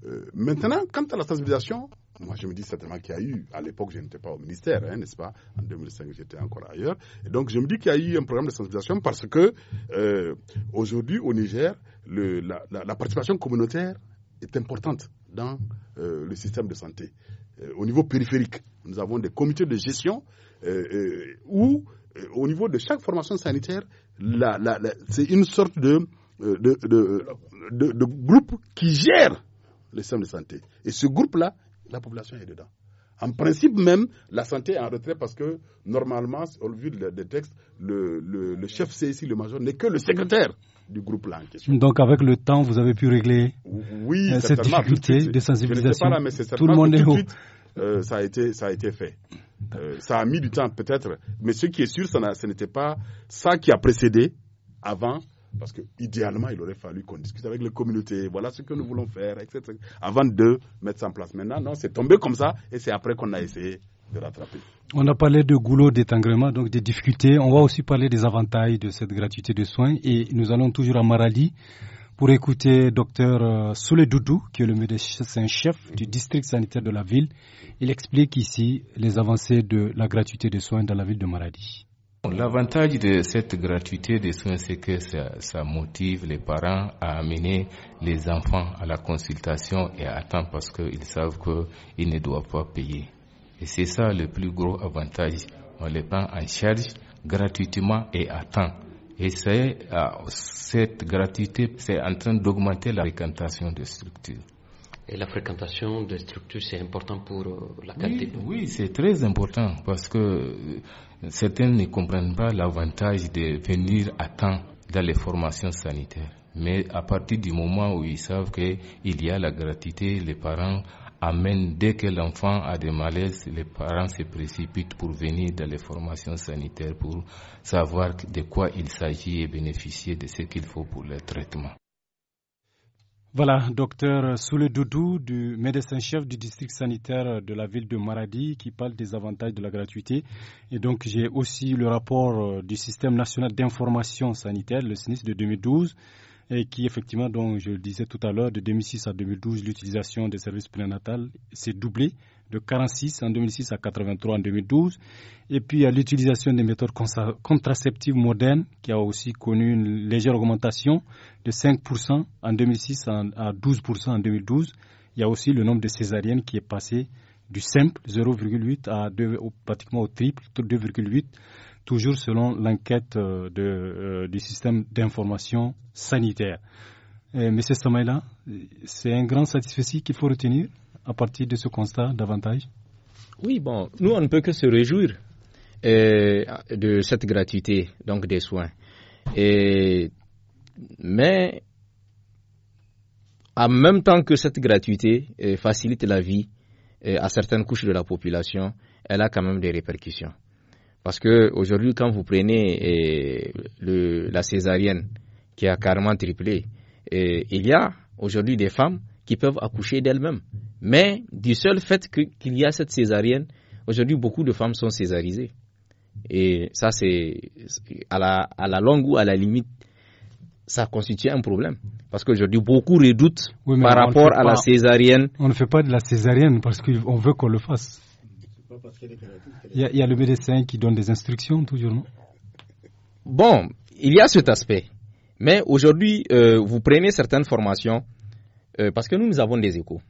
euh, maintenant, quant à la sensibilisation, moi, je me dis certainement qu'il y a eu, à l'époque, je n'étais pas au ministère, hein, n'est-ce pas En 2005, j'étais encore ailleurs. donc, je me dis qu'il y a eu un programme de sensibilisation parce que euh, aujourd'hui, au Niger, la, participation communautaire est importante dans euh, le système de santé. Euh, au niveau périphérique, nous avons des comités de gestion où, au niveau de chaque formation sanitaire, c'est une sorte de, groupe qui gère le système de santé. Et ce groupe-là la population est dedans. En principe même, la santé est en retrait parce que normalement, au vu des textes, le, chef CSI, le major, n'est que le secrétaire du groupe-là en question. Donc avec le temps, vous avez pu régler oui, euh, cette difficulté de sensibilisation. Tout le monde est haut. Euh, ça, a été, ça a été fait. Euh, ça a mis du temps peut-être, mais ce qui est sûr, ça ce n'était pas ça qui a précédé avant parce que idéalement, il aurait fallu qu'on discute avec les communautés, voilà ce que nous voulons faire, etc. Avant de mettre ça en place. Maintenant, non, c'est tombé comme ça et c'est après qu'on a essayé de rattraper. On a parlé de goulot d'étanglement, donc des difficultés. On va aussi parler des avantages de cette gratuité de soins et nous allons toujours à Maradi pour écouter docteur euh, Soule Doudou, qui est le médecin-chef du district sanitaire de la ville. Il explique ici les avancées de la gratuité de soins dans la ville de Maradi. L'avantage de cette gratuité des soins, c'est que ça, motive les parents à amener les enfants à la consultation et à temps parce qu'ils savent qu'ils ne doivent pas payer. Et c'est ça le plus gros avantage. On les prend en charge gratuitement et à temps. Et ah, cette gratuité, c'est en train d'augmenter la fréquentation des structures. Et la fréquentation des structures, c'est important pour euh, la qualité Oui, oui c'est très important parce que euh, certains ne comprennent pas l'avantage de venir à temps dans les formations sanitaires. Mais à partir du moment où ils savent qu'il y a la gratuité, les parents amènent, dès que l'enfant a des malaises, les parents se précipitent pour venir dans les formations sanitaires pour savoir de quoi il s'agit et bénéficier de ce qu'il faut pour le traitement. Voilà, docteur Soule Doudou, du médecin-chef du district sanitaire de la ville de Maradi, qui parle des avantages de la gratuité. Et donc, j'ai aussi le rapport euh, du système national d'information sanitaire, le SNIS de 2012, et qui, effectivement, donc, je le disais tout à l'heure, de 2006 à 2012, l'utilisation des services prénatales s'est doublée de 46 en 2006 à 83 en 2012. Et puis a l'utilisation des méthodes contraceptives modernes qui a aussi connu une légère augmentation de 5% en 2006 à 12% en 2012. Il y a aussi le nombre de césariennes qui est passé du simple 0,8 à pratiquement au triple 2,8 toujours selon l'enquête euh, euh, du système d'information sanitaire. Monsieur Samaïla, c'est un grand satisfait qu'il faut retenir à partir de ce constat davantage Oui, bon, nous, on ne peut que se réjouir eh, de cette gratuité donc des soins. mais en même temps que cette gratuité eh, facilite la vie eh, à certaines couches de la population, elle a quand même des répercussions. Parce que aujourd'hui, quand vous prenez la césarienne qui a carrément triplé, il y a aujourd'hui des femmes qui peuvent accoucher d'elles-mêmes. Mais du seul fait qu'il y a cette césarienne, aujourd'hui beaucoup de femmes sont césarisées. Et ça, c'est à la, à la longue ou à la limite, ça constitue un problème. Parce qu'aujourd'hui, beaucoup redoutent par rapport à la césarienne. On ne fait pas de la césarienne parce qu'on veut qu'on le fasse. Il y, a, le médecin qui donne des instructions toujours, non Bon, il y a cet aspect. Mais aujourd'hui, euh, vous prenez certaines formations, euh, parce que nous, nous avons des échos.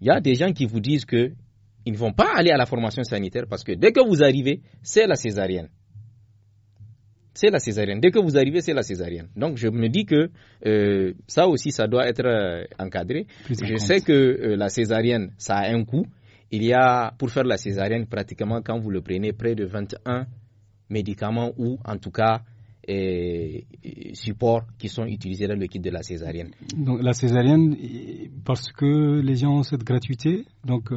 Il y a des gens qui vous disent qu'ils ne vont pas aller à la formation sanitaire parce que dès que vous arrivez, c'est la césarienne. C'est la césarienne. Dès que vous arrivez, c'est la césarienne. Donc je me dis que euh, ça aussi, ça doit être euh, encadré. Je sais que la césarienne, ça a un coût. Il y a, pour faire la césarienne, pratiquement, quand vous le prenez, près de 21 médicaments ou en tout cas et supports qui sont utilisés dans le kit de la césarienne. Donc la césarienne, parce que les gens ont cette gratuité, donc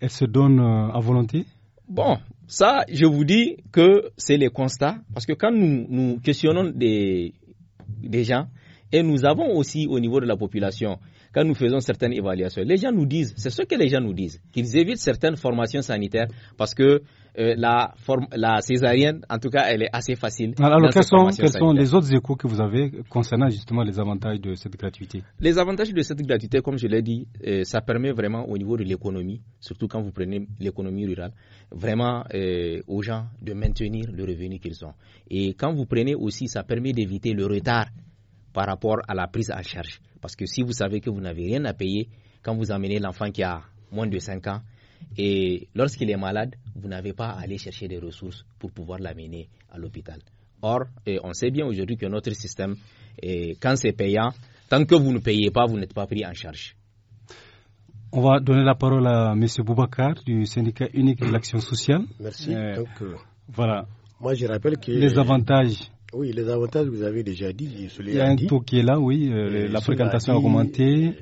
elle se donne euh, à volonté Bon, ça, je vous dis que c'est les constats, parce que quand nous, nous questionnons des, des gens, et nous avons aussi au niveau de la population, quand nous faisons certaines évaluations, les gens nous disent, c'est ce que les gens nous disent, qu'ils évitent certaines formations sanitaires parce que eh, la, forme, la césarienne, en tout cas, elle est assez facile. Alors, quels, sont, sont, les autres échos que vous avez concernant justement les avantages de cette gratuité Les avantages de cette gratuité, comme je l'ai dit, eh, ça permet vraiment au niveau de l'économie, surtout quand vous prenez l'économie rurale, vraiment eh, aux gens de maintenir le revenu qu'ils ont. Et quand vous prenez aussi, ça permet d'éviter le retard par rapport à la prise en charge. Parce que si vous savez que vous n'avez rien à payer, quand vous amenez l'enfant qui a moins de 5 ans, et lorsqu'il est malade, vous n'avez pas à aller chercher des ressources pour pouvoir l'amener à l'hôpital. Or, on sait bien aujourd'hui que notre système, quand c'est payant, tant que vous ne payez pas, vous n'êtes pas pris en charge. On va donner la parole à M. Boubacar du syndicat unique de l'action sociale. Merci. Euh, euh, voilà. Moi, je rappelle que. Les avantages. Oui, les avantages, vous avez déjà dit. Il y a un taux qui est là, oui. Euh, la fréquentation a augmentée.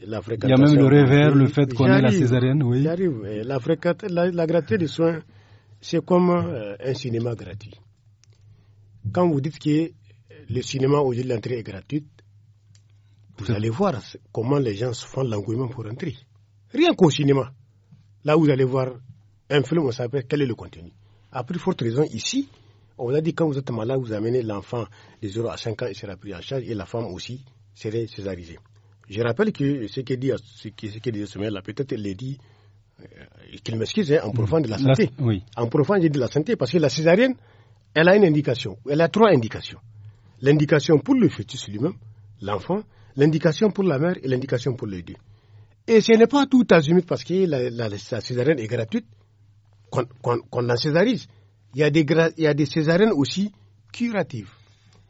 Il y a même le revers, le fait qu'on ait la césarienne, oui. J'arrive. La, la, la gratuité des soins, c'est comme euh, un cinéma gratuit. Quand vous dites que le cinéma aujourd'hui l'entrée est gratuite, vous allez voir comment les gens se font l'engouement pour entrer. Rien qu'au cinéma. Là, vous allez voir un film, on s'appelle quel est le contenu. après plus forte raison, ici, on a dit quand vous êtes malade, vous amenez l'enfant les euros à 5 ans, il sera pris en charge et la femme aussi serait césarisée. Je rappelle que ce que dit, ce dit là, peut-être dit, euh, qu'il m'excuse, hein, en profond de la santé. oui. En profond, de la santé, parce que la césarienne, elle a une indication. Elle a trois indications. L'indication pour le fœtus lui-même, l'enfant, l'indication pour la mère et l'indication pour les deux. Et ce n'est pas tout à assumé parce que la, césarienne est gratuite qu'on la césarise. Il y, a des il y a des césariennes aussi curatives.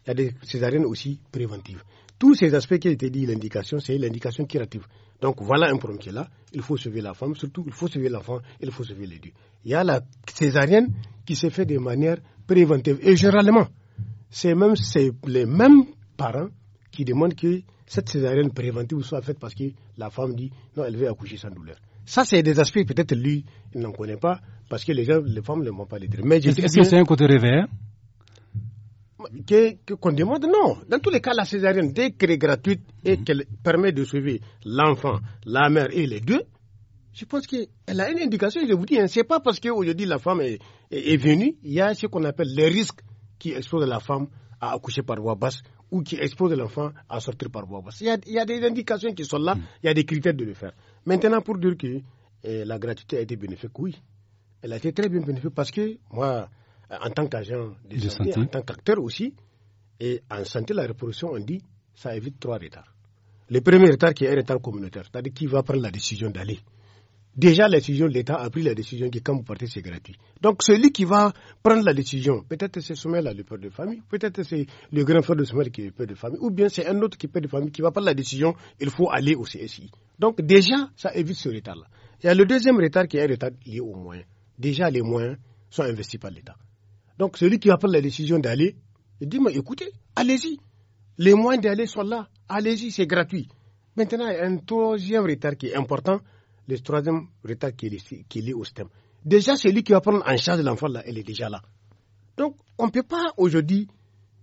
Il y a des césariennes aussi préventives. Tous ces aspects qui étaient dit, l'indication, c'est l'indication curative. Donc voilà un problème qui est là. Il faut sauver la femme, surtout il faut sauver l'enfant, il faut sauver les deux. Il y a la césarienne qui se fait de manière préventive. Et généralement, c'est même les mêmes parents qui demandent que cette césarienne préventive soit faite parce que la femme dit non, elle veut accoucher sans douleur. Ça, c'est des aspects peut-être lui, il n'en connaît pas parce que les, gens, les femmes ne vont pas les dire. Est-ce que c'est un côté réveil qu'on demande. Non, dans tous les cas, la césarienne, dès est gratuite et mhm. qu'elle permet de suivre l'enfant, la mère et les deux, je pense qu'elle a une indication. Je vous dis, hein, c'est pas parce qu'aujourd'hui la femme est, est, venue, il y a ce qu'on appelle les risques qui expose la femme à accoucher par voie basse ou qui expose l'enfant à sortir par voie basse. Il y, a, des indications qui sont là, mhm. il y a des critères de le faire. Maintenant, pour dire que eh, la gratuité a été bénéfique, oui. Elle a été très bien bénéfique parce que moi, euh, en tant qu'agent de, santé, en tant qu'acteur aussi. Et en santé, la reproduction, on dit, ça évite trois retards. Le premier retard qui est un retard communautaire, c'est-à-dire qui va prendre la décision d'aller. Déjà, la décision, l'État a pris la décision que quand vous partez, c'est gratuit. Donc, celui qui va prendre la décision, peut-être c'est là, le père de famille, peut-être c'est le grand frère de sommet qui est père de famille, ou bien c'est un autre qui est père de famille qui va prendre la décision, il faut aller au CSI. Donc, déjà, ça évite ce retard-là. Il y a le deuxième retard qui est un retard lié aux moyens. Déjà, les moyens sont investis par l'État. Donc celui qui va prendre la décision d'aller, il dit, mais écoutez, allez-y. Les moyens d'aller sont là. Allez-y, c'est gratuit. Maintenant, il y a un troisième retard qui est important, le troisième retard qui est, lié au système. Déjà, celui qui va prendre en charge l'enfant, là, elle est déjà là. Donc, on ne peut pas aujourd'hui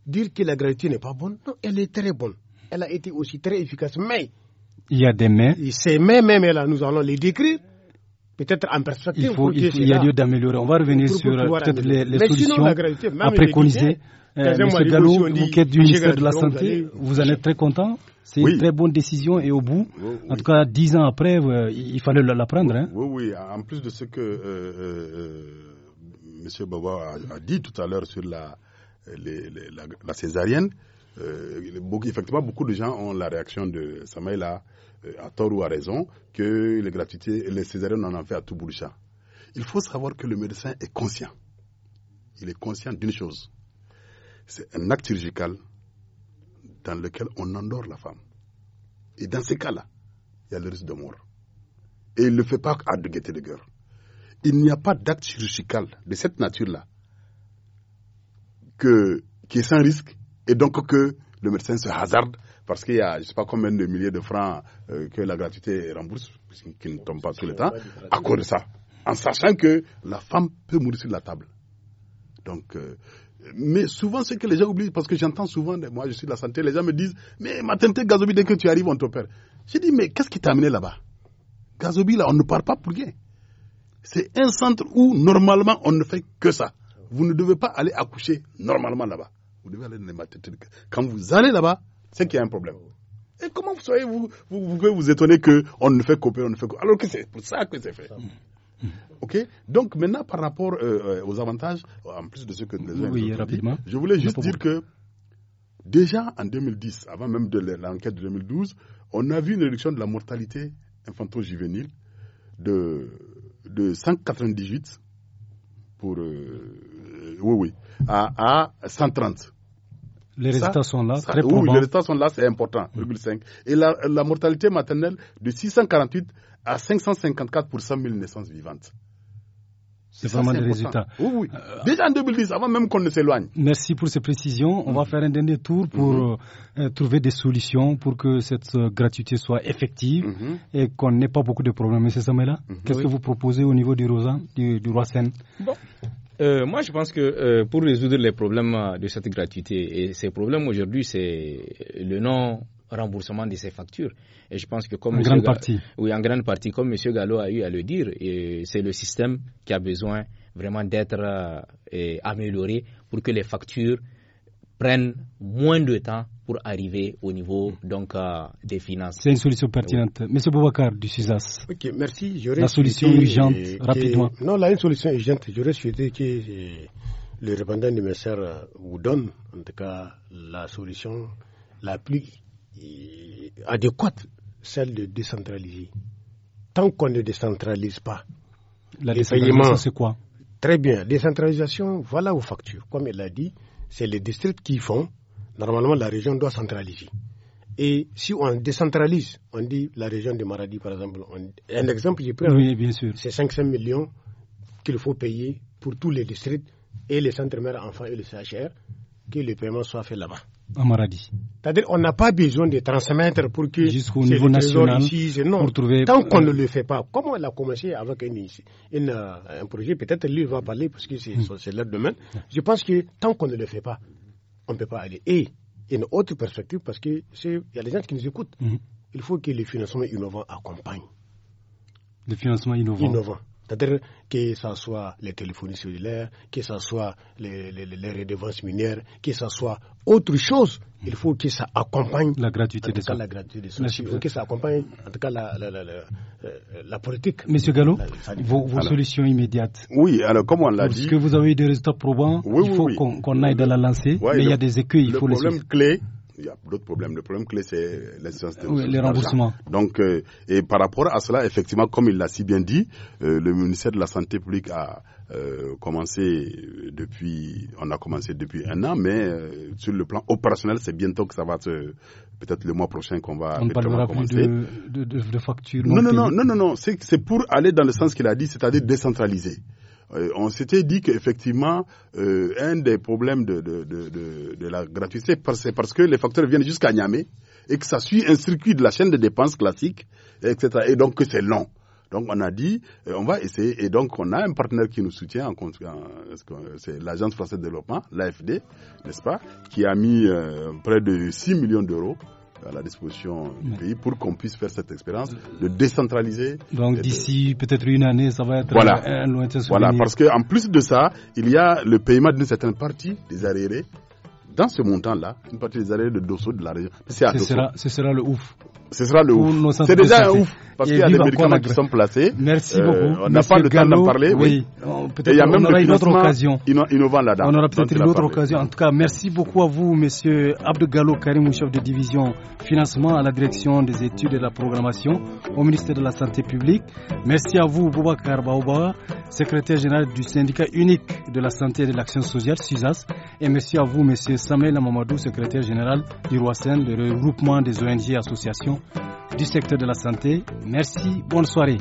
dire que la gratuité n'est pas bonne. Non, elle est très bonne. Elle a été aussi très efficace. Mais. Il y a des mains. Ces mains mais, là, nous allons les décrire peut-être en perspective. Il, y a lieu d'améliorer. On va revenir sur peut les, solutions à préconiser. Euh, Gallo, vous du ministère de la Santé, vous en êtes très content. C'est une très bonne décision et au bout, en tout cas dix ans après, euh, il fallait la prendre. Hein. Oui, oui, en plus de ce que euh, M. Baba a, dit tout à l'heure sur la, césarienne, euh, beaucoup, effectivement, beaucoup de gens ont la réaction de Samaïla, euh, à tort ou à raison, que les gratuités, les césariennes, en ont fait à tout bout de champ. Il faut savoir que le médecin est conscient. Il est conscient d'une chose. C'est un acte chirurgical dans lequel on endort la femme. Et dans ces cas-là, il y a le risque de mort. Et il ne le fait pas à de guetter de cœur. Il n'y a pas d'acte chirurgical de cette nature-là que, qui est sans risque et donc que le médecin se hasarde parce qu'il y a, je ne sais pas combien de milliers de francs euh, que la gratuité rembourse, qui ne tombe pas tout le temps, à cause de ça, en sachant que la femme peut mourir sur la table. Donc, euh, mais souvent, ce que les gens oublient, parce que j'entends souvent, moi je suis de la santé, les gens me disent Mais ma tante Gazobi, dès que tu arrives, on t'opère. J'ai dit Mais qu'est-ce qui t'a amené là-bas Gazobi, là, on ne part pas pour rien. C'est un centre où, normalement, on ne fait que ça. Vous ne devez pas aller accoucher normalement là-bas. Vous devez aller dans les Quand vous allez là-bas, c'est qu'il y a un problème. Et comment vous soyez, vous, vous, pouvez vous étonner qu'on ne fait qu'opérer, on ne fait que alors que c'est pour ça que c'est fait. Ok Donc maintenant, par rapport euh, euh, aux avantages, en plus de ce que les oui, rapidement. je voulais juste dire que déjà en 2010, avant même de l'enquête de 2012, on a vu une réduction de la mortalité infanto-juvénile de, de 198 pour... Euh, oui, oui, à 130. Les résultats sont là, ça, très Oui, les résultats sont là, c'est important, 0,5. Et la, mortalité maternelle de 648 à 554 pour 100 000 naissances vivantes. C'est vraiment des résultats. Oui, oui. Euh, Déjà en 2010, avant même qu'on ne s'éloigne. Merci pour ces précisions. On va mhm. faire un dernier tour pour mhm. euh, euh, trouver des solutions pour que cette gratuité soit effective mhm. et qu'on n'ait pas beaucoup de problèmes. Monsieur Samela, qu'est-ce que vous proposez au niveau du Rosan, du, du Roi euh, moi, je pense que euh, pour résoudre les problèmes euh, de cette gratuité, et ces problèmes aujourd'hui, c'est le non remboursement de ces factures. Et je pense que comme en grande partie. Oui, en grande partie, comme M. Gallo a eu à le dire, c'est le système qui a besoin vraiment d'être euh, amélioré pour que les factures prennent moins de temps pour arriver au niveau hmm. donc, euh, des finances. C'est une solution pertinente. Monsieur Boubacar du CISAS. Ok, merci. La solution urgente, rapidement. Non, la solution urgente. J'aurais souhaité que euh, le répondant du ministère euh, vous donne, en tout cas, la solution la plus adéquate, celle de décentraliser. Tant qu'on ne décentralise pas, la décentralisation, c'est quoi Très bien. Décentralisation, voilà aux factures. Comme il l'a dit, c'est les districts qui font. Normalement, la région doit centraliser. Et si on décentralise, on dit la région de Maradi, par exemple. un exemple, je pris. Oui, bien C'est 500 millions qu'il faut payer pour tous les districts et les centres mères enfants et le CHR, que le paiement soit fait là-bas. On C'est-à-dire qu'on n'a pas besoin de transmettre pour que jusqu'au niveau national tant qu'on euh, ne le fait pas. Comme on a commencé avec euh, un projet, peut-être lui va parler parce que hmm. c'est leur domaine. Je pense que tant qu'on ne le fait pas, on ne peut pas aller. Et une autre perspective parce que y a des gens qui nous écoutent. Hmm. Il faut que les financements innovants accompagnent. Les financements innovant innovants. C'est-à-dire que ce soit les téléphonies cellulaires, que ce soit les, redevances minières, que ce soit autre chose, il faut que ça accompagne la gratuité des il faut que ça accompagne en tout cas la, euh, politique. Monsieur Gallo, vos, solutions immédiates. Oui, alors comme on l'a dit. Parce que vous avez des résultats probants, il faut qu'on aille dans la lancer, mais il y a des écueils, il faut le les problème il y a d'autres problèmes. Le problème clé, c'est l'instance oui, les remboursements. Donc, euh, et par rapport à cela, effectivement, comme il l'a si bien dit, euh, le ministère de la Santé publique a euh, commencé depuis, on a commencé depuis un an, mais sur le plan opérationnel, c'est bientôt que ça va se, peut-être le mois prochain qu'on va. On ne parlera commencer. de, de, factures. Non, non, non, non, non, non, c'est pour aller dans le sens qu'il a dit, c'est-à-dire décentraliser. Euh, on s'était dit qu'effectivement, euh, un des problèmes de, la gratuité, c'est parce que les facteurs viennent jusqu'à Niamey et que ça suit un circuit de la chaîne de dépenses classique, etc. Et donc que c'est long. Donc on a dit, euh, on va essayer, et donc on a un partenaire qui nous soutient, c'est l'Agence française de développement, l'AFD, n'est-ce pas, qui a mis près de 6 millions d'euros à la disposition du pays pour qu'on puisse faire cette expérience de décentraliser. Donc d'ici peut-être une année, ça va être un, un lointain Voilà, parce qu'en plus de ça, il y a le paiement d'une certaine partie des arriérés dans ce montant-là, une partie des arrêts de Dosso de la région. Ce sera, ce sera le ouf. Ce sera le ouf. C'est déjà un ouf parce qu'il y a des médicaments qui sont placés. Merci euh, beaucoup. on n'a pas le temps d'en parler. Oui. Il y a même on aura une autre occasion. On aura peut-être une autre occasion. En tout cas, merci beaucoup à vous, Monsieur Abdou Gallo Karim, chef de division financement à la direction des études et de la programmation au ministère de la Santé publique. Merci à vous, Boubacar Karbaouba, secrétaire général du syndicat unique de la santé et de l'action sociale, SUSAS. Et merci à vous, Monsieur Samuel Mamadou, secrétaire général du Roissan, le regroupement des ONG associations du secteur de la santé. Merci, bonne soirée.